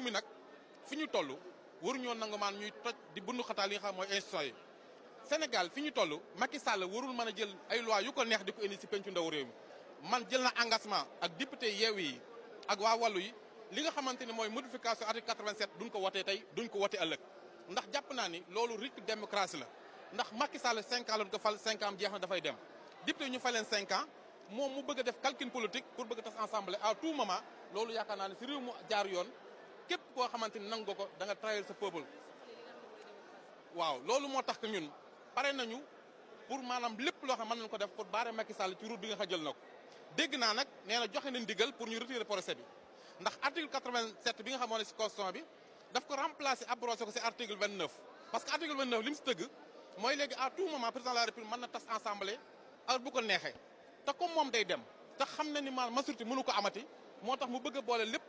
réew mi nag fi ñu toll waruñoo nangu maan ñuy toj di bundu xataa li nga xam mooy institution yi Sénégal fi ñu toll Macky Sall warul mën a jël ay loi yu ko neex di indi si pencu ndaw man jël na engagement ak député yeew yi ak waa wàllu yi li nga xamante ne mooy modification article 87 duñ ko wotee tey duñ ko wote ëllëg ndax jàpp naa ni loolu rythme démocratie la ndax Macky Sall cinq ans lañ ko fal cinq ans jeex na dafay dem député ñu fal leen cinq moom mu bëgg a def calcul politique pour bëgg a tas assemblée à tout moment loolu yaakaar naa ne si réew mu jaar yoon képp koo xamante ni dengan ko da nga trahir sa peuple waaw loolu moo tax que ñun pare nañu pour maanaam lépp loo xam mën nañu ko def pour baare Macky Sall ci route bi nga xa jël na ko dégg naa nag nee na joxe nañ ndigal pour ñu retirer procès bi ndax article 87 bi nga xamoon ne constitution bi daf ko remplacer abrosé ko si article 29. parce que article 29 lim si tëgg mooy à tout moment président la république mën na tas assemblée ak bu ko neexee te comme moom day dem te xam na ni maanaam majorité mënu ko amati moo tax mu bëgg boole lépp.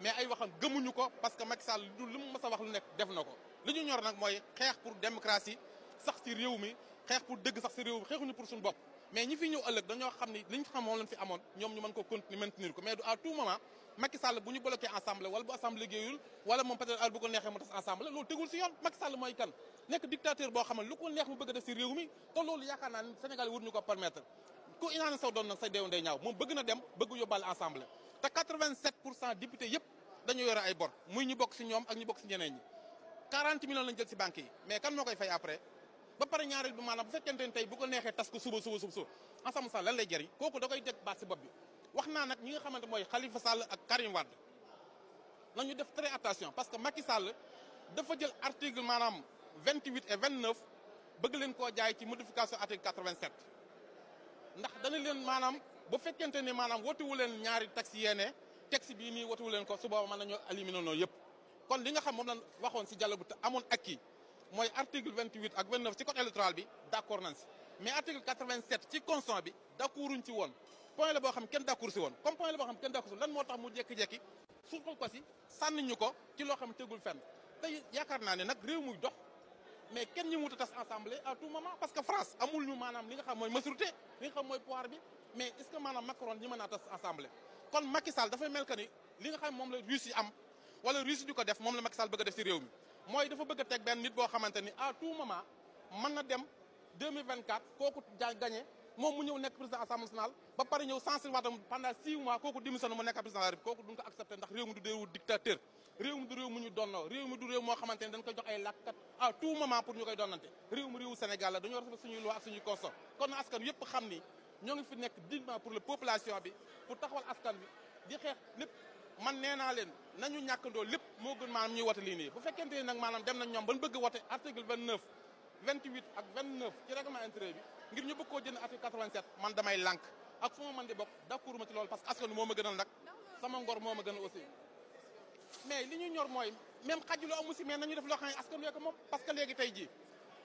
mais ay waxam gëmuñu ko parce que Macky Sall lu lu mu wax lu nek def nako liñu ñor nak moy xex pour démocratie sax ci réew mi xex pour dëgg sax ci réew mi xeexuñu pour suñu bop mais ñi fi ñew ëlëk dañoo xamni ni liñ xam moom fi amoon ñom ñu mën ko continuer maintenir ko mais à tout moment Macky Sall bu ñu bloqué ensemble wala bu assemblée géeyul wala moom peut-être al bu ko nexé mu tass ensemble lo teggul ci yoon Macky Sall moy kan nek dictateur bo xam lu ko neex mu bëgg def ci réew mi to loolu yaaka naa ne Sénégal yi war ko permettre ku inaana saw doon nak sa deew day ñaaw moom bëgg na dem bëgg yóbbaale ensemble te 87 députés cent député yëpp dañu yore ay bor muy ñu bokk si ñoom ak ñu bokk si ñeneen ñi 40 millions lañ jël si banques yi mais kan moo koy fay après ba pare ñaareel bi maanaam bu fekkente ne tey bu ko neexee tas ko suba suba suba suba ensemble sax lan lay jëriñ kooku da koy teg baat si bopp bi wax naa nag ñi nga xamante mooy Khalifa Sall ak Karim Wade la def très attention parce que Macky Sall dafa jël article maanaam 28 et 29 bëgg leen koo jaay ci modification article 87 ndax dana leen maanaam bu fekkente ni maanaam wotuwu ñaari taxi yene taxi bi nii wotuwu ko su booba man nañoo éliminer noonu yëpp kon li nga xam mom lañ waxon ci dialogue bu amoon ak kii article 28 ak 29 ci code électoral bi d'accord nañ si mais article 87 ci constant bi d'accorduñ ci won point la bo xam ken d'accord si won comme point la bo xam ken d'accord si lan moo tax mu jékki-jékki suuxal ko si sànni ñu ko ci lo xam teggul fenn tay yaakaar naa ne nag réew muy dox mais ken ñu wut a tas assemblée à tout moment parce que France amul ñu manam li nga xam moy majorité li nga xam moy pouvoir bi mais est-ce que maanaam Macron ñi mën naa assemblée kon Macky Sall dafay mel que ni li nga xam moom la Russie am wala Russie di ko def moom la Macky Sall bëgg a def ci réew mi mooy dafa bëgg a teg benn nit boo xamante ni à tout moment mën na dem 2024 kooku ja gagné moom mu ñëw nekk président assemblée nationale ba pare ñëw sensibiliser waatam pendant 6 mois kooku démissionné mu nekk président de la République kooku duñ ko accepté ndax réew mi du réewu dictateur réew du réew ñu donno réew du réew moo xamante dañ ko jox ay làkkat à tout moment pour ñu koy donnante réew mi Sénégal la dañoo respecté suñu loi ak suñuy constitution kon askan yépp xam ni ñoo ngi fi nekk dignement pour la population bi pour taxawal askan bi di xeex lépp man nee naa leen nañu ñàkkandoo lépp moo gën maanaam ñuy wote lii nii bu fekkente ni nag maanaam dem nañ ñoom ban bëgg wote article 29 28 ak 29 ci règlement intérieur bi ngir ñu bëgg koo jënd article 87 man damay lànk ak fu ma man di bokk d'accord ma ci loolu parce que askan wi moo ma gënal nag sama ngor moo ma gënal aussi mais li ñu ñor mooy même xajuloo amu si mais nañu def loo xam ne askan wi ko moom parce que léegi tey jii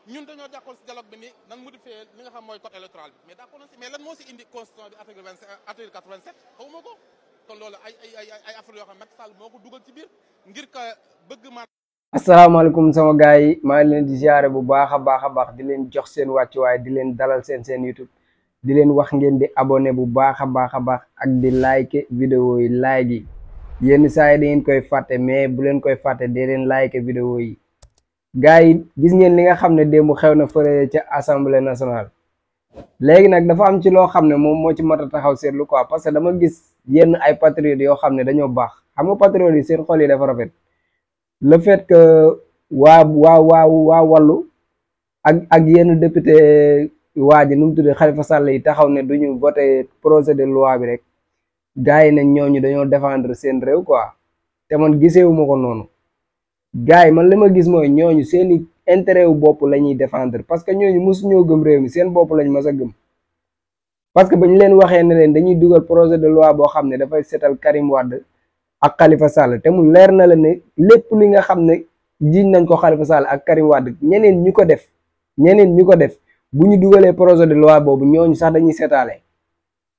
ñun dañoo jàkkoon si dialogue bi ni nan modifier li nga xam mooy code électoral bi mais d'accord na si mais lan moo si euh, ko loolu ay ay ay affaire yoo xam Macky Sall moo ko dugal ci biir ngir ka bëgg man asalaamaaleykum sama gars yi maa ngi leen di ziare bu baax a baax a baax di leen jox seen wàccuwaay di leen dalal seen seen YouTube di leen wax ngeen di abonné bu baax a baax a baax ak di like vidéo yi like yi yenn saa yi da ngeen koy fàtte mais bu leen koy fàtte dee leen like vidéo yi gars yi gis ngeen li nga xam ne démb xew na fële ca assemblée nationale léegi nag dafa am ci loo xam ne moom moo ci mat taxaw seetlu quoi parce que dama gis yenn ay patriotes yoo xam ne dañoo baax xam nga patriotes yi seen xol yi dafa rafet le fait que waa waa waa waa wàllu ak ak yenn député waa ji nu mu tuddee Khalifa Sall yi taxaw ne du ñu voté projet de loi bi rek gars yi ne ñooñu dañoo défendre seen réew quoi te man giseewuma ko noonu gars yi man la ma gis mooy ñooñu seeni intérêt wu bopp la ñuy défendre parce que ñooñu mosu ñoo gëm réew mi seen bopp lañ mas a gëm parce que ba ñu leen waxee ne leen dañuy dugal projet de loi boo xam ne dafay seetal Karim Wade ak Khalifa Sall leer na la ne lépp li nga xam ne jiiñ nañ ko Khalifa Sall ak Karim ñeneen ñu ko def ñeneen ñu ko def bu ñu dugalee projet de loi boobu ñooñu sax dañuy seetaale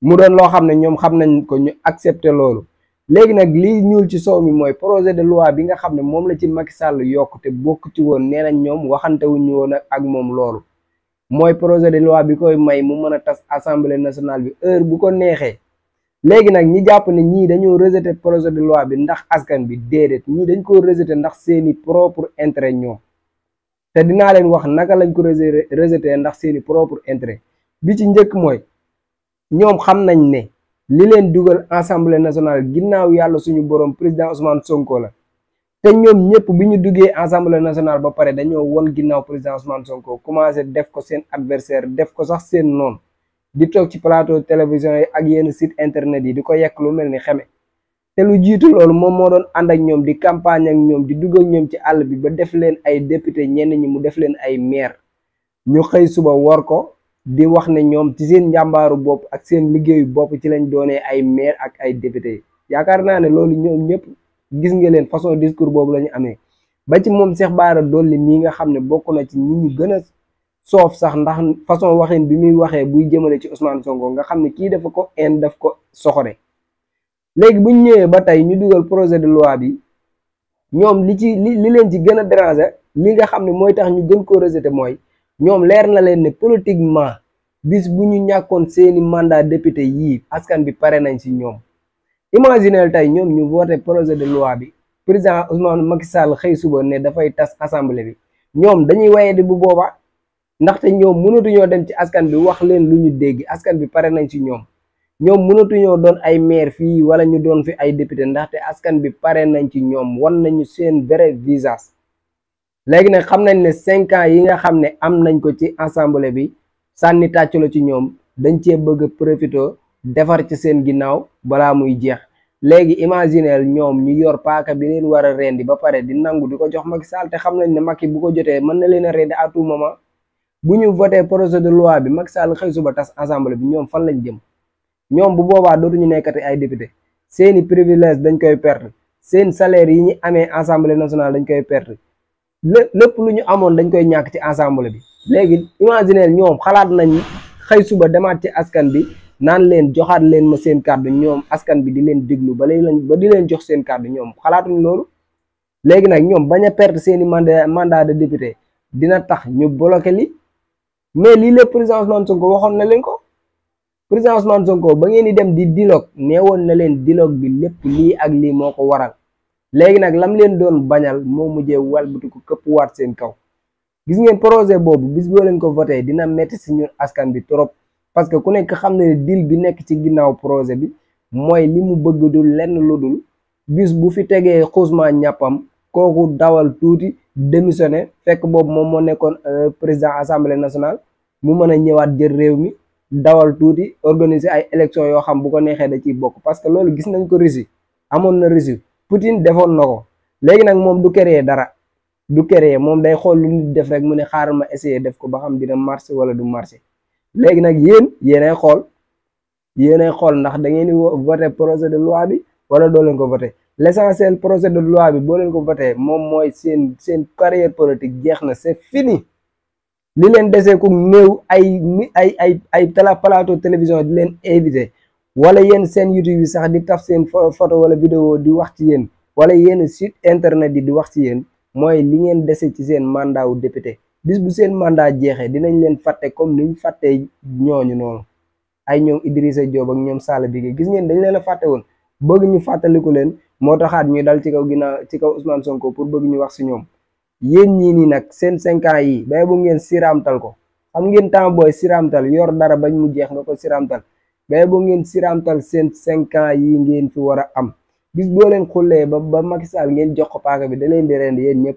mu doon loo xam ne ñoom xam nañ ko ñu accepter loolu léegi nag lii ñuul ci soow mi mooy projet de loi bi nga xam ne moom la ci Macky sàll yokk te bokk ci woon nee nañ ñoom waxantewuñu woon ak moom loolu mooy projet de loi bi koy may mu mën a tas assemblée nationale bi heure bu ko neexee léegi nag ñi jàpp ne ñii dañoo rejeté projet de loi bi ndax askan bi déedéet ñii dañ ko rejeté ndax seeni propre intérêt ñoom te dinaa leen wax naka lañ ko rejeté ndax seeni propre intérêt bi ci njëkk mooy ñoom xam nañ ne li leen dugal assemblée nationale ginnaaw yàlla suñu borom président Ousmane Sonko la te ñoom ñëpp bi ñu duggee assemblée nationale ba pare dañoo won ginnaaw président Ousmane Sonko commencé def ko seen adversaire def ko sax seen noon di toog ci plateau télévision yi ak yenn site internet yi di ko yekk lu mel ni xeme te lu jiitu loolu moom moo doon ànd ak ñoom di campagne ñoom di dugg ak ñoom ci àll bi ba def leen ay député ñenn ñi mu def leen ay maire ñu xëy suba wor ko di wax ne ñoom ci seen njàmbaaru bopp ak seen liggéeyu bopp ci lañ doonee ay maire ak ay député yaakaar naa ne loolu ñoom ñëpp gis nga leen façon discours boobu la ñu amee ba ci moom Cheikh Bara Dolly mii nga xam ne bokk na ci ñi ñu gën a soof sax ndax façon waxin bi muy waxee buy jëmale ci Ousmane Sonko nga xam ne kii dafa ko en daf ko soxore léegi bu ñu ñëwee ba tey ñu dugal projet de loi bi ñoom li ci li li leen ci gën a déranger li nga xam ne mooy tax ñu gën koo rejeter mooy. ñoom leer na leen ne politiquement bis bu ñu ñàkkoon seeni mandat député yii askan bi pare nañ ci ñoom imaginel tey ñoom ñu voté projet de loi bi président Ousmane Macky Sall xëy suba ne dafay tas assemblée bi ñoom dañuy waye di bu booba ndaxte ñoom mënatuñoo dem ci askan bi wax leen lu ñu dégg askan bi pare nañ ci ñoom ñoom mënatuñoo doon ay maire fii wala ñu doon fi ay député ndaxte askan bi pare nañ ci ñoom wan nañu seen vrai visage léegi nag xam nañ ne cinq ans yi nga xam ne am nañ ko ci assemblée bi sànni tàcc la ci ñoom dañ cee bëgg a profité defar ci seen ginnaaw balaa muy jeex léegi imagineel ñoom ñu yor paaka bi leen war a rendi ba pare di nangu di ko jox mag Sall te xam nañ ne mag Macky bu ko jotee mën na leen a rendi à tout moment bu ñu voté projet de loi bi Macky Sall xëy suba tas assemblée bi ñoom fan lañ jëm ñoom bu boobaa ñu nekkati ay député seeni privilège dañ koy perte seen salaire yi ñu amee assemblée nationale dañ koy perte lépp lu ñu amoon dañ koy ñàkk ci ensemble bi léegi imaginer ñoom xalaat nañ xëy suba demaat ci askan bi naan leen joxaat leen ma seen kàddu ñoom askan bi di leen déglu ba lañ di leen jox seen kàddu ñoom xalaatuñ loolu léegi nag ñoom bañ a perte seeni mandat mandat de député dina tax ñu bloqué li mais lii lépp président Ousmane Sonko waxoon na leen ko président Ousmane Sonko ba ngeen di dem di dialogue nee woon na leen dialogue bi lépp lii ak lii moo ko waral léegi nag lam leen doon bañal moo mujjee walbatu ko këpp waat seen kaw gis ngeen projet boobu bis boo leen ko voté dina metti si ñun askan bi trop parce que ku nekk xam ne deal bi nekk ci ginnaaw projet bi mooy li mu bëgg dul lenn lu dul bis bu fi tegee Ousmane ñàppam kooku dawal tuuti démissionné fekk boobu moom moo nekkoon euh, président assemblée nationale mu mën a ñëwaat jël réew mi dawal tuuti organiser ay élections yoo xam bu ko neexee da ciy bokk parce que loolu gis nañ ko Russie amoon na Russie Poutine defoon na ko léegi nag moom du créer dara du créer moom day xool lu nit def rek mu ne xaaral ma essayer def ko ba xam dina marché wala du marché léegi nag yéen yéenay xool yéenay xool ndax da ngeen di voté projet de loi bi wala doo leen ko voté l'essentiel projet de loi bi booleen leen ko voté moom mooy seen seen carrière politique jeex na c'est fini li leen desee ku néew ay ay ay ay tala plateau télévision di leen invité wala yéen seen YouTube yi sax di taf seen photo wala vidéo di wax ci yéen wala yenn site internet yi di wax ci yéen mooy li ngeen desee ci seen mandat wu député bis bu seen mandat jeexee dinañ leen fàtte comme niñ fàttee ñooñu noonu ay ñoom Idrissa joob ak ñoom Sall bi gis ngeen dañ leen a fàtte woon bëgg ñu fàttaliku leen moo taxaat ñu dal ci kaw ginnaaw ci kaw Ousmane ko pour bëgg ñu wax si ñoom yéen ñii nii nag seen cinq yi bay bu ngeen siramtal ko xam ngeen temps booy yor dara bañ mu jeex nga ko siramtal bay boo ngeen siramtal sen 5 ans yi ngeen fi wara am bis bo len xullee ba ba Macky Sall ngeen jox ko paaka bi dalen di rend yeen ñep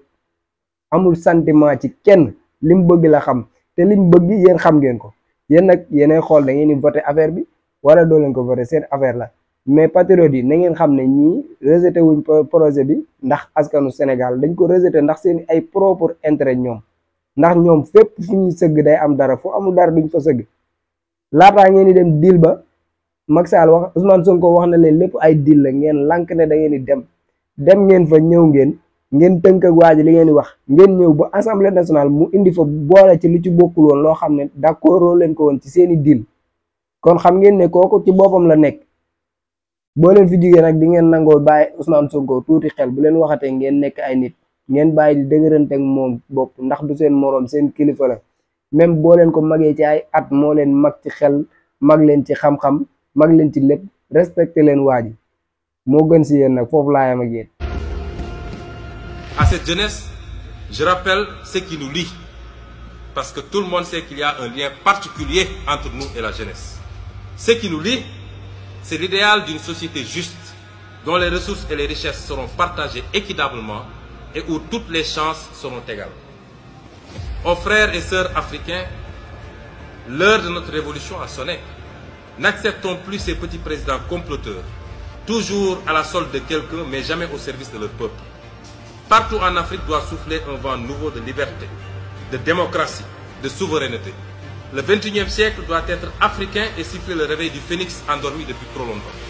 amul sentiment ci kenn lim bëgg la xam te lim bëgg yeen xam ngeen ko yeen nak yene xol da ngeen ni voter affaire bi wala do len ko voter sen affaire la mais patriote yi na ngeen xam ne ñii rejeté wuñ projet bi ndax askanu Sénégal dañ ko rejeter ndax seen ay propre intérêt ñom ndax ñom fepp fu ñuy sëgg day am dara fu amul dara duñ fa sëgg laataa ngeen ni dem deal ba Macky Sall wax Ousmane Sonko wax na leen lépp ay deal la ngeen lànk ne dangeen di dem dem ngeen fa ñëw ngeen ngeen tënk ak waa ji li ngeen di wax ngeen ñëw ba assemblée nationale mu indi fa boole ci lu ci bokkul woon loo xam ne d'accord leen ko woon ci seeni deal kon xam ngeen ne kooku ci boppam la nekk boo leen fi jigéen ak di ngeen nangoo baay Ousmane Sonko tuuti xel bu leen waxatee ngeen nekk ay nit ngeen bàyyi di dëgërante ak moom bopp ndax du seen moroom seen kilifa la même boo leen ko magee ci at moo leen mag ci xel mag leen ci xam mag À cette jeunesse, je rappelle ce qui nous lie, parce que tout le monde sait qu'il y a un lien particulier entre nous et la jeunesse. Ce qui nous lie, c'est l'idéal d'une société juste, dont les ressources et les richesses seront partagées équitablement et où toutes les chances seront égales. Aux frères et sœurs africains, l'heure de notre révolution a sonné. N'acceptons plus ces petits présidents comploteurs, toujours à la solde de quelqu'un, mais jamais au service de leur peuple. Partout en Afrique doit souffler un vent nouveau de liberté, de démocratie, de souveraineté. Le 21e siècle doit être africain et siffler le réveil du phénix endormi depuis trop longtemps.